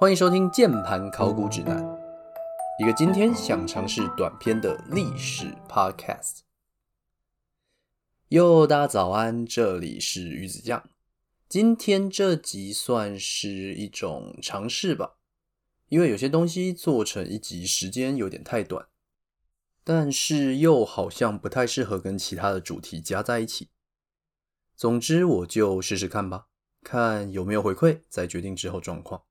歡迎收聽《鍵盤考古指南》，一個今天想嘗試短篇的歷史 podcast。唷，大家早安，這裡是魚子醬。今天這集算是一種嘗試吧，因為有些東西做成一集時間有點太短，但是又好像不太適合跟其他的主題加在一起。總之，我就試試看吧，看有沒有回饋，再決定之後狀況。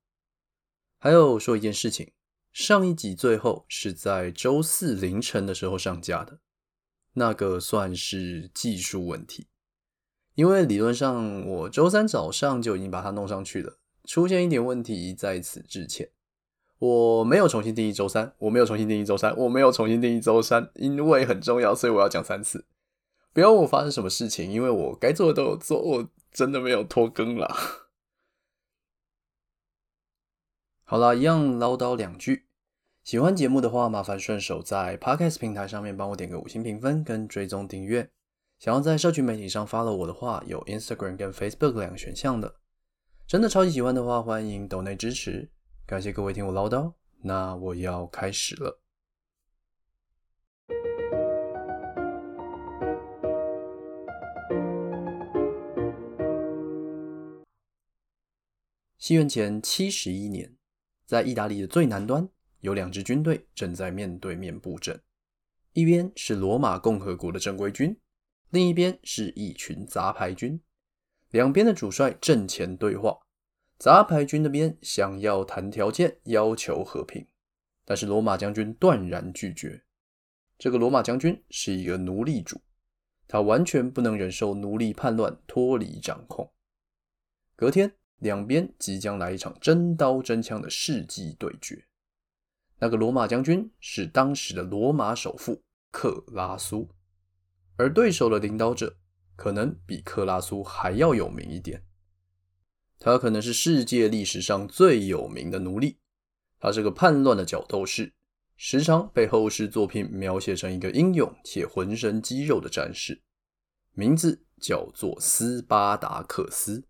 還有說一件事情，上一集最後是在週四凌晨的時候上架的，那個算是技術問題，因為理論上我週三早上就已經把它弄上去了，出現一點問題在此之前。我沒有重新定義週三，我沒有重新定義週三，我沒有重新定義週三，因為很重要，所以我要講三次。不要問我發生什麼事情，因為我該做的都有做，我真的沒有拖更了。好啦，一樣嘮叨兩句。喜歡節目的話，麻煩順手在 Podcast 平台上面幫我點個五星評分跟追蹤訂閱。想要在社群媒體上 follow 我的話，有 Instagram 跟 Facebook 兩個選項的。真的超級喜歡的話，歡迎斗內支持。感謝各位聽我嘮叨，那我要開始了。西元前71年。在意大利的最南端，有兩支軍隊正在面對面布陣，一邊是羅馬共和國的正規軍，另一邊是一群雜牌軍。兩邊的主帥陣前對話，雜牌軍那邊想要談條件，要求和平，但是羅馬將軍斷然拒絕。這個羅馬將軍是一個奴隸主，他完全不能忍受奴隸叛亂脫離掌控。隔天。兩邊即將來一場真刀真槍的世紀對決。那個羅馬將軍是當時的羅馬首富克拉蘇，而對手的領導者可能比克拉蘇還要有名一點，他可能是世界歷史上最有名的奴隸。他是個叛亂的角鬥士，時常被後世作品描寫成一個英勇且渾身肌肉的戰士，名字叫做斯巴達克斯。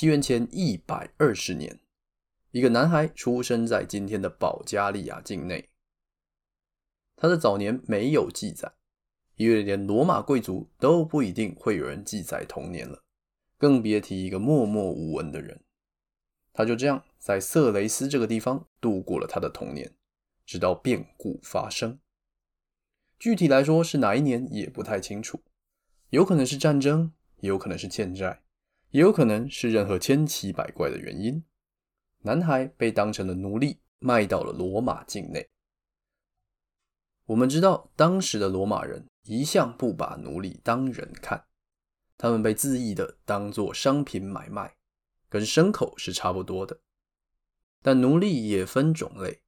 公元前一百二十年，一個男孩出生在今天的保加利亞境內。他的早年沒有記載，因為連羅馬貴族都不一定會有人記載童年了，更別提一個默默無聞的人。他就這樣在色雷斯這個地方度過了他的童年，直到變故發生。具體來說是哪一年也不太清楚，有可能是戰爭，也有可能是欠債。也有可能是任何千奇百怪的原因。男孩被當成了奴隸賣到了羅馬境內。我們知道，當時的羅馬人一向不把奴隸當人看，他們被恣意的當作商品買賣，跟牲口是差不多的。但奴隸也分種類，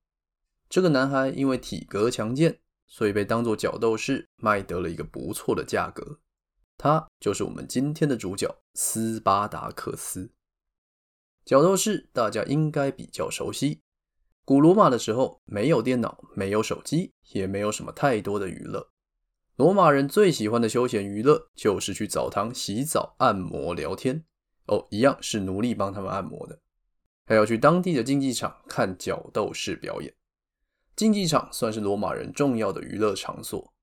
這個男孩因為體格強健，所以被當作角鬥士賣得了一個不錯的價格。他就是我們今天的主角斯巴達克斯。角鬥士大家應該比較熟悉。古羅馬的時候沒有電腦，沒有手機，也沒有什麼太多的娛樂。羅馬人最喜歡的休閒娛樂就是去澡堂洗澡、按摩、聊天。哦，一樣是奴隸幫他們按摩的。還要去當地的競技場看角鬥士表演。競技場算是羅馬人重要的娛樂場所。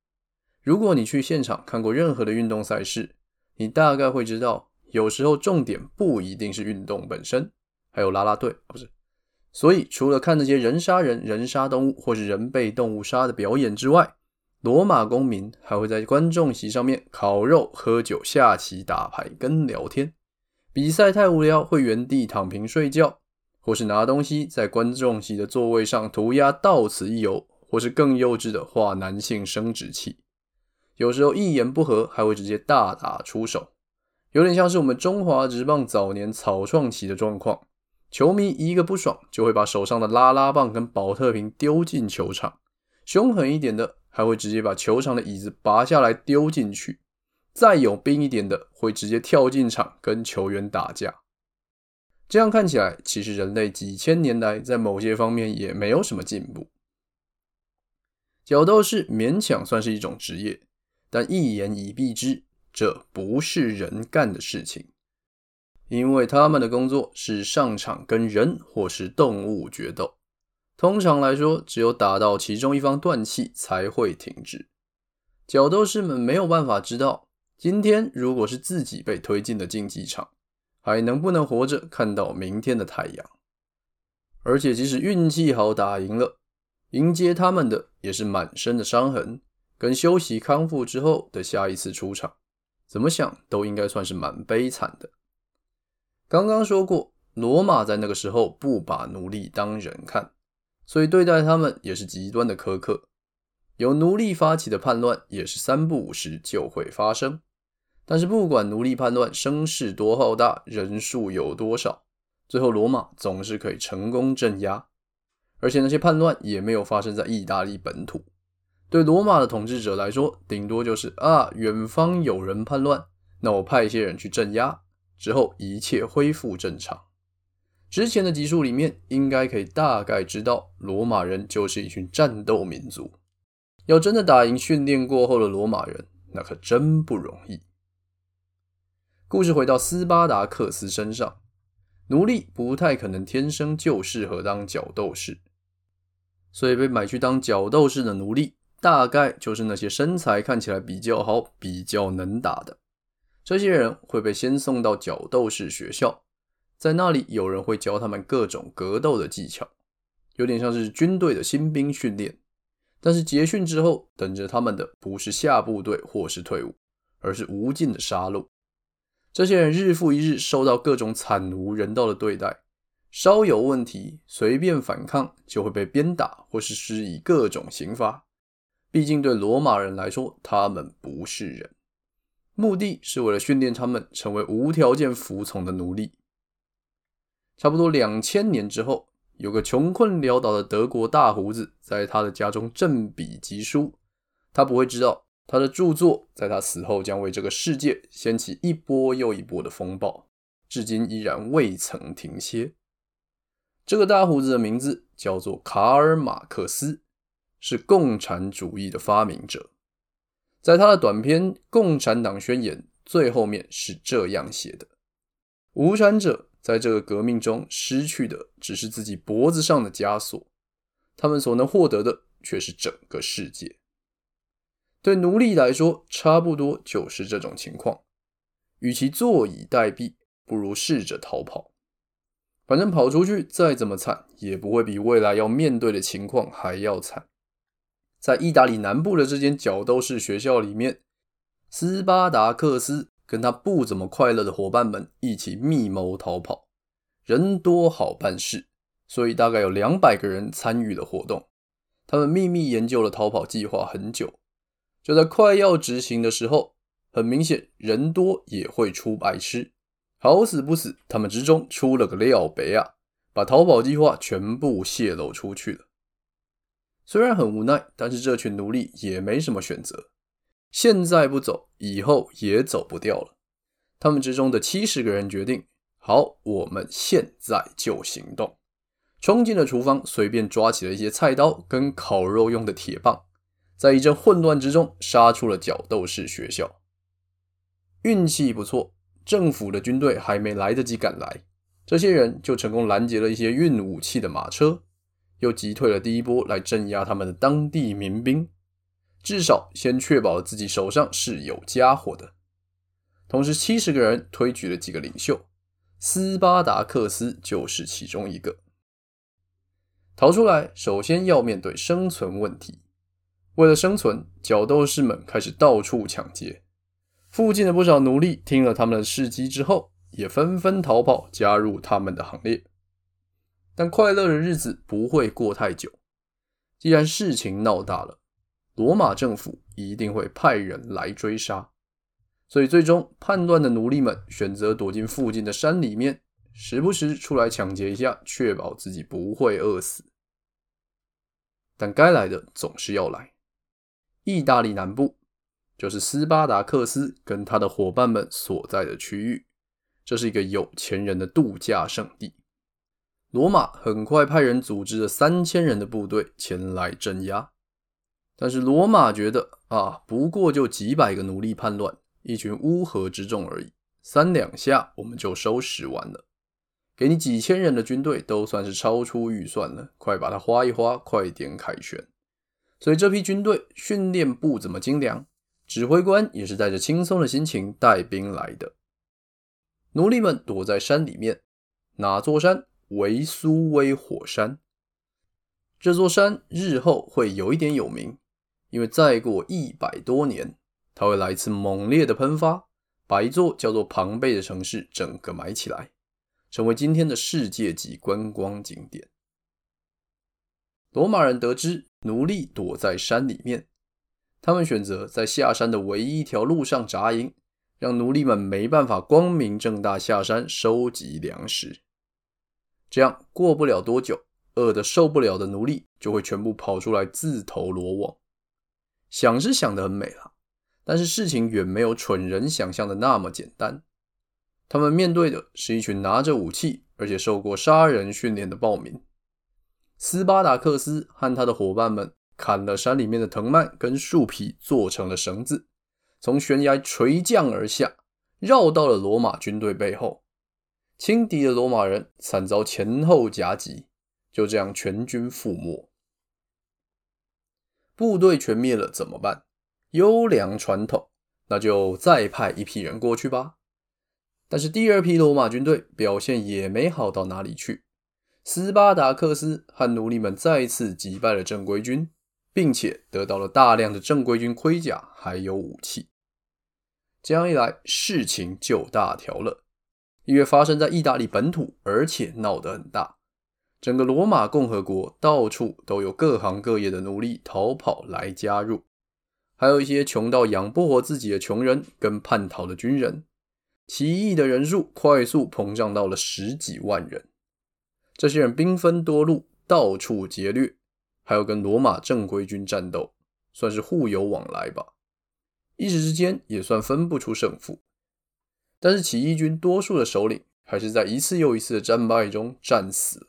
如果你去現場看過任何的運動賽事，你大概會知道，有時候重點不一定是運動本身，還有啦啦隊，不是？所以，除了看那些人殺人、人殺動物，或是人被動物殺的表演之外，羅馬公民還會在觀眾席上面烤肉、喝酒、下棋、打牌、跟聊天。比賽太無聊，會原地躺平睡覺，或是拿東西在觀眾席的座位上塗鴉“到此一遊”，或是更幼稚的畫男性生殖器。有時候一言不合還會直接大打出手，有點像是我們中華職棒早年草創期的狀況。球迷一個不爽就會把手上的拉拉棒跟保特瓶丟進球場，凶狠一點的還會直接把球場的椅子拔下來丟進去，再有病一點的會直接跳進場跟球員打架。這樣看起來，其實人類幾千年來在某些方面也沒有什麼進步。角鬥士勉強算是一種職業。但一言以蔽之，這不是人幹的事情，因為他們的工作是上場跟人或是動物決鬥。通常來說，只有打到其中一方斷氣才會停止。角鬥士們沒有辦法知道，今天如果是自己被推進的競技場，還能不能活着看到明天的太陽。而且，即使運氣好打贏了，迎接他們的也是滿身的傷痕。跟休息康復之後的下一次出場，怎麼想都應該算是蠻悲慘的。剛剛說過，羅馬在那個時候不把奴隸當人看，所以對待他們也是極端的苛刻。有奴隸發起的叛亂，也是三不五時就會發生。但是不管奴隸叛亂聲勢多浩大，人數有多少，最後羅馬總是可以成功鎮壓，而且那些叛亂也沒有發生在意大利本土。對羅馬的統治者來說，頂多就是啊，遠方有人叛亂，那我派一些人去鎮壓，之後一切恢復正常。之前的集數裡面，應該可以大概知道，羅馬人就是一群戰鬥民族。要真的打贏訓練過後的羅馬人，那可真不容易。故事回到斯巴達克斯身上，奴隸不太可能天生就適合當角鬥士，所以被買去當角鬥士的奴隸。大概就是那些身材看起來比較好、比較能打的，這些人會被先送到角鬥士學校，在那裡有人會教他們各種格鬥的技巧，有點像是軍隊的新兵訓練。但是結訓之後，等着他們的不是下部隊或是退伍，而是無盡的殺戮。這些人日復一日受到各種慘無人道的對待，稍有問題隨便反抗就會被鞭打或是施以各種刑罰。畢竟，對羅馬人來說，他們不是人。目的是為了訓練他們成為無條件服從的奴隸。差不多兩千年之後，有個窮困潦倒的德國大鬍子在他的家中振筆疾書。他不會知道，他的著作在他死後將為這個世界掀起一波又一波的風暴，至今依然未曾停歇。這個大鬍子的名字叫做卡爾·馬克思。是共產主義的發明者，在他的短篇《共產黨宣言》最後面是這樣寫的：“無產者在這個革命中失去的只是自己脖子上的枷鎖，他們所能獲得的卻是整個世界。對奴隸來說，差不多就是這種情況。與其坐以待斃，不如試着逃跑。反正跑出去再怎麼慘，也不會比未來要面對的情況還要慘。”在意大利南部的這間角鬥士學校裡面，斯巴達克斯跟他不怎麼快樂的夥伴們一起密謀逃跑。人多好辦事，所以大概有兩百個人參與了活動。他們秘密研究了逃跑計劃很久，就在快要執行的時候，很明顯人多也會出白痴，好死不死，他們之中出了個廖北啊，把逃跑計劃全部泄露出去了。雖然很無奈，但是這群奴隸也沒什麼選擇。現在不走，以後也走不掉了。他們之中的七十個人決定：好，我們現在就行動！衝進了廚房，隨便抓起了一些菜刀跟烤肉用的鐵棒，在一陣混亂之中殺出了角鬥士學校。運氣不錯，政府的軍隊還沒來得及趕來，這些人就成功攔截了一些運武器的馬車。又擊退了第一波來鎮壓他們的當地民兵，至少先確保自己手上是有家伙的。同時，七十個人推舉了幾個領袖，斯巴達克斯就是其中一個。逃出來首先要面對生存問題，為了生存，角鬥士們開始到處搶劫。附近的不少奴隸聽了他們的事蹟之後，也紛紛逃跑加入他們的行列。但快樂的日子不會過太久。既然事情鬧大了，羅馬政府一定會派人來追殺，所以最終叛亂的奴隸們選擇躲進附近的山裡面，時不時出來搶劫一下，確保自己不會餓死。但該來的總是要來。意大利南部，就是斯巴達克斯跟他的夥伴們所在的區域，這是一個有錢人的度假勝地。羅馬很快派人組織了三千人的部隊前來鎮壓，但是羅馬覺得啊，不過就幾百個奴隸叛亂，一群烏合之眾而已，三兩下我們就收拾完了。給你幾千人的軍隊都算是超出預算了，快把它花一花，快點凱旋。所以這批軍隊訓練不怎麼精良，指揮官也是帶着輕鬆的心情帶兵來的。奴隸們躲在山裡面，哪座山？維蘇威火山。這座山日後會有一點有名，因為再過一百多年，它會來一次猛烈的噴發，把一座叫做龐貝的城市整個埋起來，成為今天的世界級觀光景點。羅馬人得知奴隸躲在山裡面，他們選擇在下山的唯一一條路上紮營，讓奴隸們沒辦法光明正大下山收集糧食。這樣過不了多久，餓得受不了的奴隸就會全部跑出來自投羅網。想是想得很美了，但是事情遠沒有蠢人想象的那麼簡單。他們面對的是一群拿着武器，而且受過殺人訓練的暴民。斯巴達克斯和他的夥伴們砍了山裡面的藤蔓跟樹皮，做成了繩子，從懸崖垂降而下，繞到了羅馬軍隊背後。輕敵的羅馬人慘遭前後夾擊，就這樣全軍覆沒。部隊全滅了怎麼辦？優良傳統，那就再派一批人過去吧。但是第二批羅馬軍隊表現也沒好到哪裡去。斯巴達克斯和奴隸們再次擊敗了正規軍，並且得到了大量的正規軍盔甲還有武器。這樣一來，事情就大條了。因為發生在意大利本土，而且鬧得很大。整個羅馬共和國到處都有各行各業的奴隸逃跑來加入，還有一些窮到養不活自己的窮人跟叛逃的軍人，起義的人數快速膨脹到了十幾萬人。這些人兵分多路，到處劫掠，還有跟羅馬正規軍戰鬥，算是互有往來吧。一時之間也算分不出勝負。但是起義軍多數的首領還是在一次又一次的戰敗中戰死了。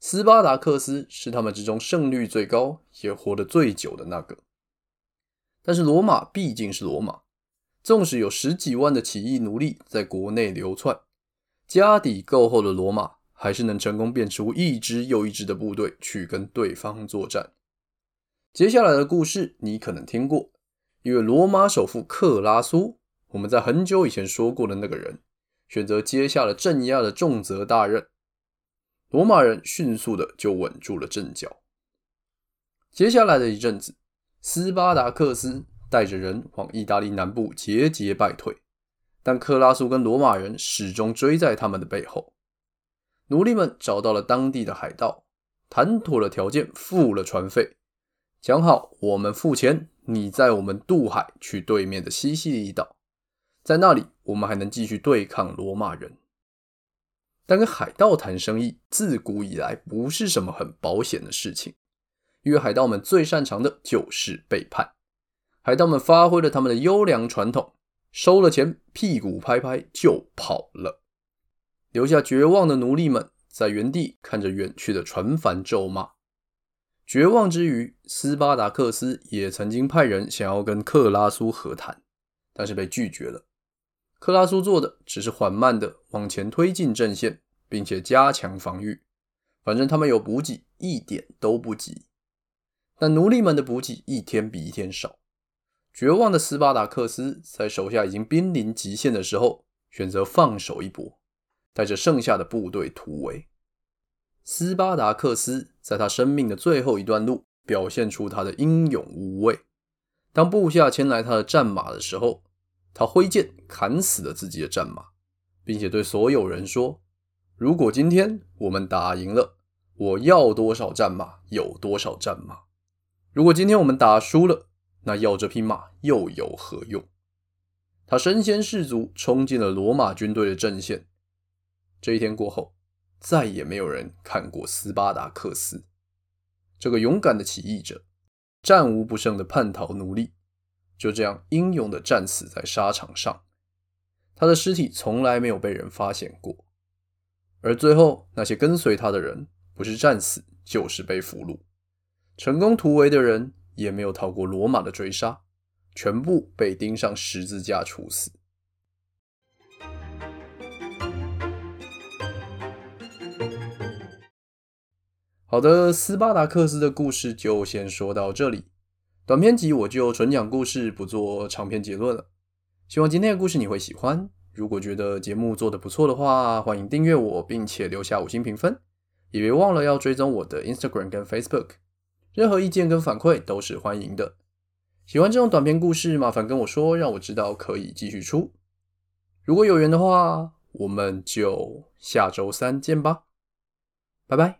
斯巴達克斯是他們之中勝率最高，也活得最久的那個。但是羅馬畢竟是羅馬，縱使有十幾萬的起義奴隸在國內流竄，家底夠厚的羅馬還是能成功變出一支又一支的部隊去跟對方作戰。接下來的故事你可能聽過，因為羅馬首富克拉蘇，我們在很久以前說過的那個人，選擇接下了鎮壓的重責大任。羅馬人迅速地就穩住了陣腳。接下來的一陣子，斯巴達克斯帶着人往意大利南部節節敗退，但克拉蘇跟羅馬人始終追在他們的背後。奴隸們找到了當地的海盜，談妥了條件，付了船費，講好我們付錢，你在我們渡海去對面的西西里島。在那裡，我們還能繼續對抗羅馬人。但跟海盜談生意，自古以來不是什麼很保險的事情，因為海盜們最擅長的就是背叛。海盜們發揮了他們的優良傳統，收了錢，屁股拍拍就跑了，留下絕望的奴隸們在原地看着遠去的船帆咒罵。絕望之餘，斯巴達克斯也曾經派人想要跟克拉蘇和談，但是被拒絕了。克拉蘇做的只是緩慢地往前推進陣線，並且加強防禦。反正他們有補給，一點都不急。但奴隸們的補給一天比一天少，絕望的斯巴達克斯在手下已經瀕臨極限的時候，選擇放手一搏，帶着剩下的部隊突圍。斯巴達克斯在他生命的最後一段路，表現出他的英勇無畏。當部下牽來他的戰馬的時候，他揮劍砍死了自己的戰馬，並且對所有人說：“如果今天我們打贏了，我要多少戰馬有多少戰馬；如果今天我們打輸了，那要這匹馬又有何用？”他身先士卒，衝進了羅馬軍隊的陣線。這一天過後，再也沒有人看過斯巴達克斯這個勇敢的起義者，戰無不勝的叛逃奴隸。就這樣英勇的戰死在沙場上，他的屍體從來沒有被人發現過。而最後，那些跟隨他的人，不是戰死，就是被俘虜。成功突圍的人，也沒有逃過羅馬的追殺，全部被釘上十字架處死。好的，斯巴達克斯的故事就先說到這裡。短篇集，我就純講故事，不做長篇結論了。希望今天的故事你會喜歡。如果覺得節目做得不錯的話，歡迎訂閱我，並且留下五星評分。也別忘了要追蹤我的 Instagram 跟 Facebook。任何意見跟反饋都是歡迎的。喜歡這種短篇故事，麻煩跟我說，讓我知道可以繼續出。如果有緣的話，我們就下周三見吧。拜拜。